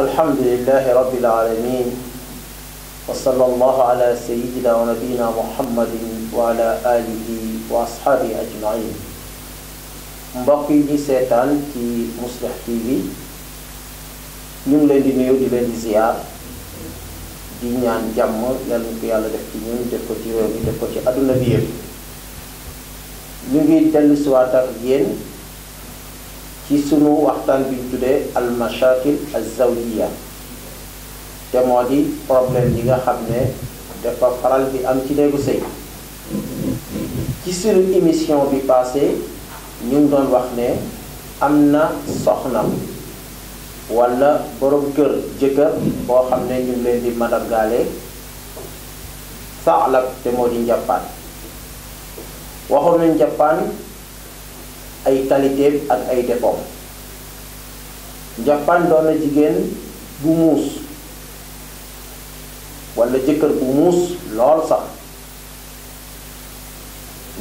الحمد لله رب العالمين وصلى الله على سيدنا ونبينا محمد وعلى آله وأصحابه أجمعين mbokk yi di seetaan ci Mouslih TV ñu ngi leen di nuyu di leen di ziar di ñaan jàmm yàlla ñu ko yàlla def ci ñun def ko ci réew mi def ko ci àdduna bi yëpp ñu ngi dellusiwaat ak yéen ci sunu waxtaan bi ñu tuddee al mashakil al zawjiya te moo di problème yi nga xam ne dafa faral bi am ci néegu sëy ci sunu émission bi paase ñu ngi doon wax ne am na soxna wala borom kër jëkkër boo xam ne ñu leen di mandargaale saalab te moo di njàppaan waxoon nañ njàppaan ay qualitéem ak ay défaut njàppaan doon na jigéen bu muus walla jëkkër bu muus lool sax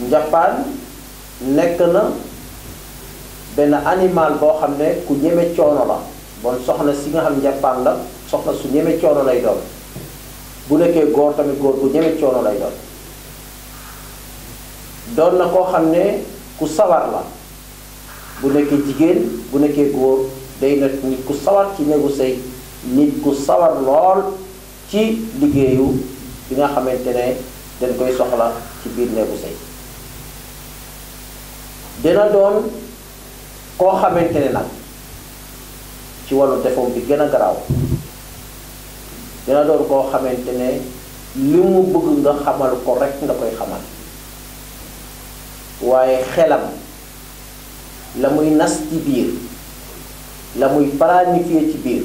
njàppaan nekk na benn animal boo xam ne ku ñeme coono la bon soxna si nga xam njàppaan la soxna su ñeme coono lay doon bu nekkee góor tamit góor bu ñeme coono lay doon doon na koo xam ne ku sawar la bu nekkee jigéen bu nekkee góor day nekk nit ku sawar ci néegu sëy nit ku sawar lool ci liggéeyu bi nga xamante ne dañ koy soxla ci biir néegu sëy dina doon koo xamante ne nag ci wàllu defoom bi gën a garaaw dina doon koo xamante ne li mu bëgg nga xamal ko nga koy xamal waaye xelam la muy nas ci biir la muy planifié ci biir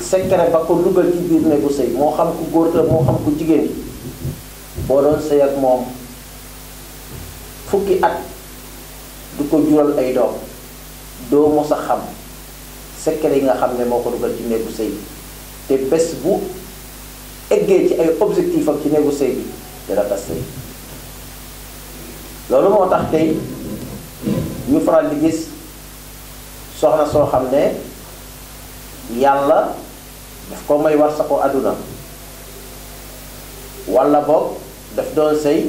secret ba ko dugal ci biir néegu sëy moo xam ku góor la moo xam ku jigéen yi boo doon sëy ak moom fukki at du ko jural ay doom doo mos a xam secret yi nga xam ne moo ko dugal ci néegu sëy te bés bu eggee ci ay objectif am ci néegu sëy bi dana sëy loolu moo tax tey ñu faral di gis soxna soo xam ne yàlla daf koo may war sa ko àdduna walla boog daf doon sëy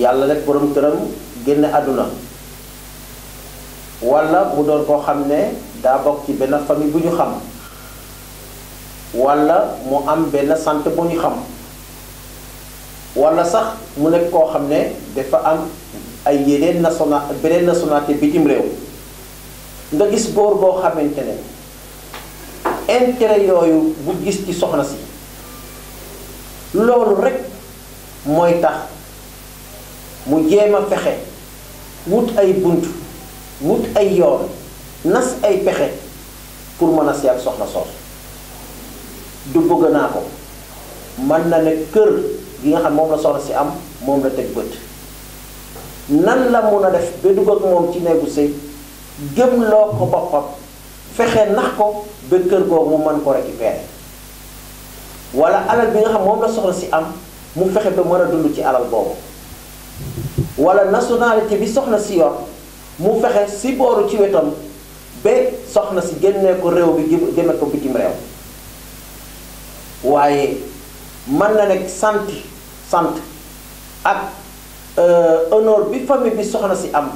yàlla rek borom këram génn àdduna walla mu doon koo xam ne daa bokk ci benn famille bu ñu xam walla mu am benn sant bu ñu xam walla sax mu nekk koo xam ne dafa am ay yeneen nasona beneen nationalité bitim réew nga gis góor boo xamante ne intérêt yooyu bu gis ci soxna si loolu rek mooy tax mu jéem a fexe wut ay bunt wut ay yoon nas ay pexe pour mën a si ak soxna soos du bëgg naa ko mën na ne kër gi nga xam moom la soxna si am moom la teg bët nan la mun a def ba dugg ak moom ci néegu sëy gëmloo ko boppam fexe nax ko ba kër googu mu mën ko récupérer wala alal bi nga xam moom la soxla si am mu fexe ba mën a dund ci alal boobu wala nationalité bi soxna si yor mu fexe si booru ci wetam ba soxna si génnee ko réew bi génne ko bitim réew waaye mën na nekk sant sant ak Euh, honneur bi famille bi soxna si am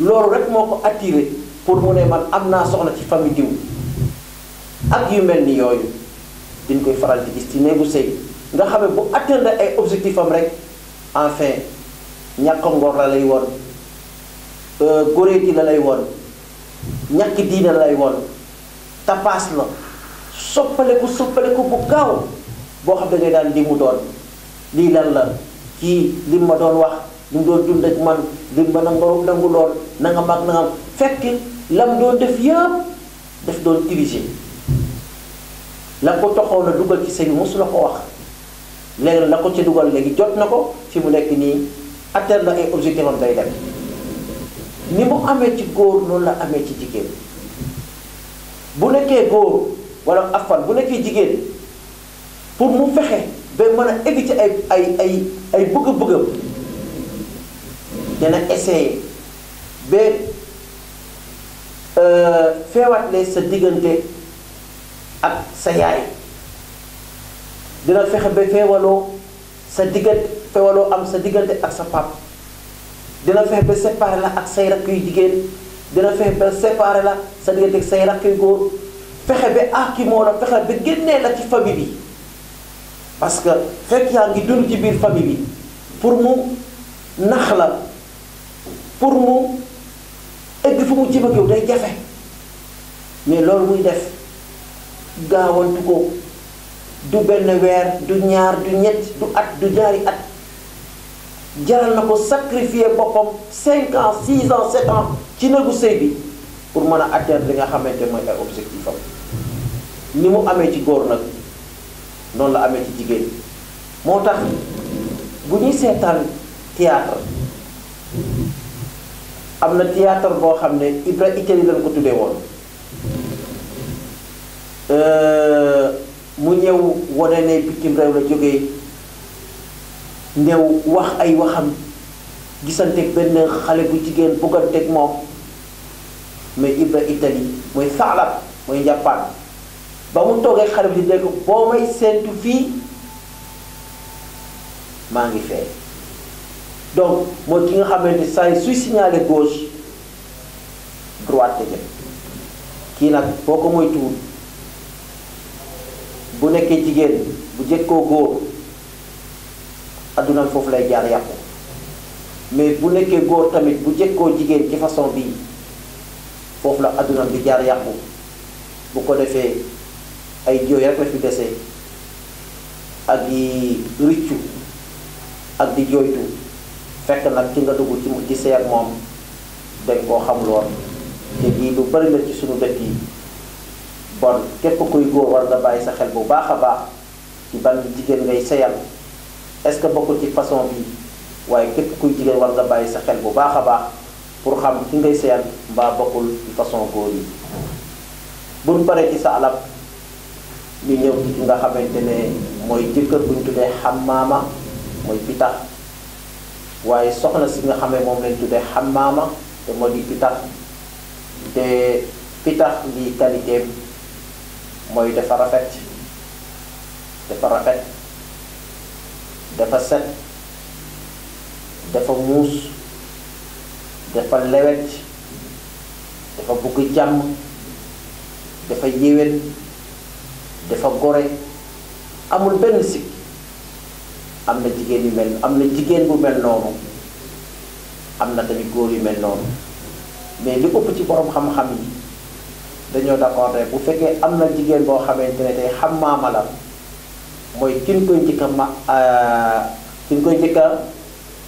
loolu rek moo ko attiré pour mu ne man am naa soxla ci famille diw ak yu mel ni yooyu dañ koy faral di gis ci néegu sëy nga xam ne bu atteindre ay objectif am rek enfin ñàkk ngor la lay woon euh, góoreeti la lay woon ñàkk diina la lay woon tapaas la soppaleku soppaleku bu gaaw boo xam ne ngay daan li mu doon lii lan la kii lim ma doon wax mu doon dund ak man lim ma na borom nangu lool na nga mag na nga fekk lam doon def yëpp daf doon tricher la ko toxoon a dugal ci sëy bi mosu la ko wax léegi la ko ci dugal léegi jot na ko fi mu nekk nii atteindre na ay objectif am day dem ni mu amee ci góor noonu la amee ci jigéen bu nekkee góor wala afan bu nekkee jigéen pour mu fexe bay mën a egg ci ay ay ay ay bëgg-bëggam dana essayé ba euh, feewatle sa diggante ak sa yaay dina fexe ba feewaloo sa diggante feewaloo am sa diggante ak sa pap dina fexe ba séparé la ak say rakk yu jigéen dina fexe ba séparé la sa diggante ak say rakk yu góor fexe ba aakimoo ah, la fexe ba génnee la ci famille bi parce que fekk yaa ngi dund ci biir famille bi pour mu nax la pour mu egg fu mu jëm ak day jafe mais loolu muy def gaawantu ko du benn weer du ñaar du ñett du at du ñaari at jaral na ko sacrifier boppam 5 ans 6 ans 7 ci néegu sëy bi pour mën a atteindre li nga xamante mooy ay objectif am ni mu amee ci góor nag. noonu la amee ci jigéen moo tax bu ñuy seetaan théâtre am na théâtre boo xam ne Ibra Italie lañ ko tuddee woon euh, mu ñëw wane ne bitim réew la jógee ñëw wax ay waxam gisanteeg benn xale bu jigéen bëgganteeg moom mais Ibra Italie mooy saalab mooy njàppaan ba mu toogee xarit bi dégg boo may séentu fii maa ngi fee donc mooy ki nga xamante ni saa yi suy signalé gauche droite la kii nag boo ko moytuwul bu nekkee jigéen bu jëkkoo góor addunam foofu lay jaar yàqu mais bu nekkee góor tamit bu jëkkoo jigéen ci façon bi foofu la addunam di jaar yàqu bu ko defee. ay jooy rek la fi desee ak di riccu ak di jooytu fekk nag ki nga dugg ci ci moom dañ koo xamuloon te lii lu bari la ci suñu dëkk yi bon képp kuy góor war nga bàyyi sa xel bu baax a baax ci ban jigéen ngay seyal est-ce que bokkul ci façon bi waaye képp kuy jigéen war bàyyi sa xel bu baax a baax pour xam ki ngay seyal mbaa bokkul ci façon góor yi buñ bari ci sa alal ñu ñëw ci nga ne mooy jëkkër bu ñu tuddee xammaama mooy pitax waaye soxna si nga xamee moom lañ tuddee xammaama te moo di pitax te pitax lii qualité mooy dafa rafet dafa rafet dafa set dafa muus dafa lewet dafa bugg jàmm dafa yéwén dafa gore amul benn sikk am na jigéen yu mel am na jigéen bu mel noonu am na tamit góor yu mel noonu mais li ëpp ci borom xam-xam yi dañoo d'accord rek bu fekkee am na jigéen boo xamante ne day xam maama mooy kin koy njëkk a ma euh, kin koy njëkk a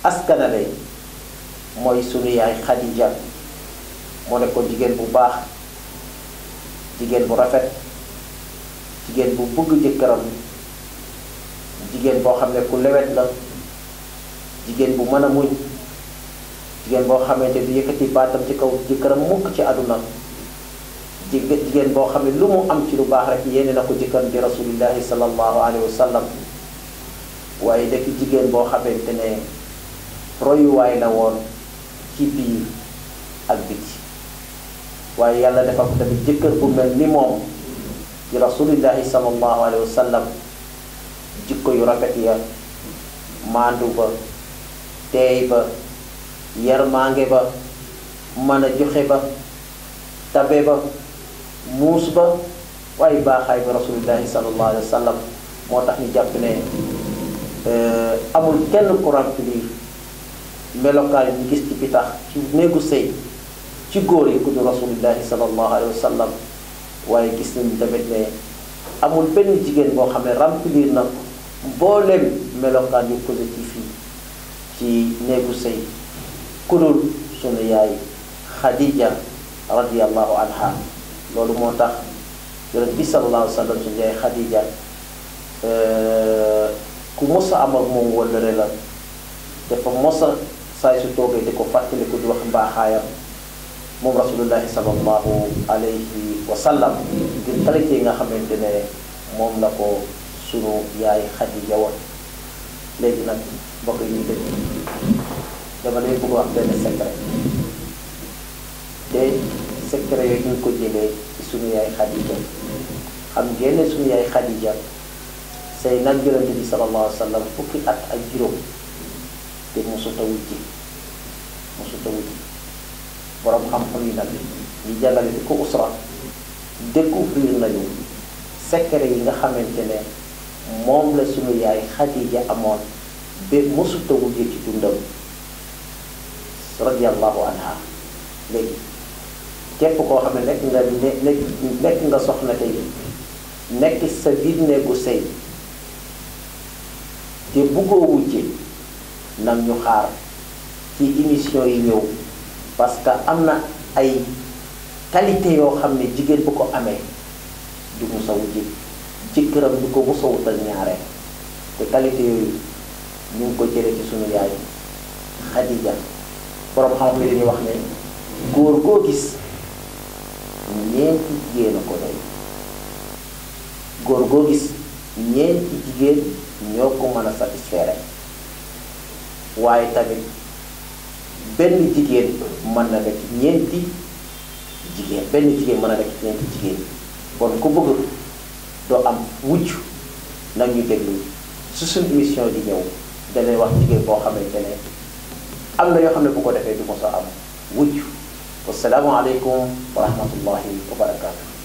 askanale mooy sunu yaay Xadija moo nekkoon jigéen bu baax jigéen bu rafet. jigéen bu bëgg jëkkëram jigéen boo xam ne ku lewet la jigéen bu mën a muñ jigéen boo xamante du yëkkati baatam ci kaw jëkkëram mukk ci àdduna jigéen boo xam ne lu mu am ci lu baax rek yéene na ko jëkkëram di rasulillahi sallallahu alayhi wa waaye dëkk jigéen boo xamante ne royuwaay la woon ci biir ak biti waaye yàlla dafa ko tamit jëkkër bu mel ni moom ci rasulillahi sallallahu alayhi wa sallam jikko yu rafet ya maandu ba teey ba yarmaange ba mën joxe ba tabe ba muus ba waaye baaxaay ba rasulillahi sallallahu alayhi wa sallam moo tax ñu jàpp ne euh, amul kenn ku remplir melokaan yi gis ci pitax ci néegu sëy ci góor yi ku du rasulillahi sallallahu alayhi wa waaye gis nañu tamit ne amul benn jigéen boo xam ne remplir na mbooleem melokaan yu positif yi ci néegu sëy kudul sunu yaay Khadija radiyallahu anha loolu moo tax yonent bi sallallahu alayhi wa sallam sunu yaay Khadija euh, ku mos a am moom wala la dafa mos a saay su toogee di ko fàttali ko di wax mbaaxaayam. moom rasulullahi salallahu alayhi wa sallam ngir tërëkk yi nga xamante ne moom la ko sunu yaay Xadija woon léegi nag mbokk yi ñu dama lay bëgg wax benn secret te secret yooyu ñu ko jëlee ci yaay Xadija xam ngeen ne sunu yaay Xadija say nag yonente bi salallahu alayhi fukki at ak juróom te mosu tawul ji mosu tawul borom xam-xam yi nag ñu jàllale di ko usra découvrir nañu secret yi nga xamante ne moom la suñu yaay Xadija amoon ba mësuta wujje ci dundam radiyallahu anha léegi képp koo xam ne nekk nga ne nekk nga soxna tey nekk sa biir néegu sëy te buggoo wujje nan ñu xaar ci émission yi ñëw parce que am na ay qualité yoo xam ne jigéen bu ko amee du musawu ji jëkkëram du ko musawutal ñaareel te qualité yooyu ñu ngi ko jëlee ci sunu yaay Xadija borom xam-xam yi dañuy wax ne góor goo gis ñeenti jigéen a ko doy góor goo gis ñeenti jigéen ñoo ko mën a satisfaire waaye tamit. benn jigéen mën na nekk ñeenti jigéen benn jigéen mën na nekk ñeenti jigéen kon ku bëgg doo am wujj nag ñu déglu su suñu di ñëw danay wax jigéen boo xamante ne am na yoo xam ne bu ko defee du ko am wujj wasalaamu aleykum wa rahmatullahi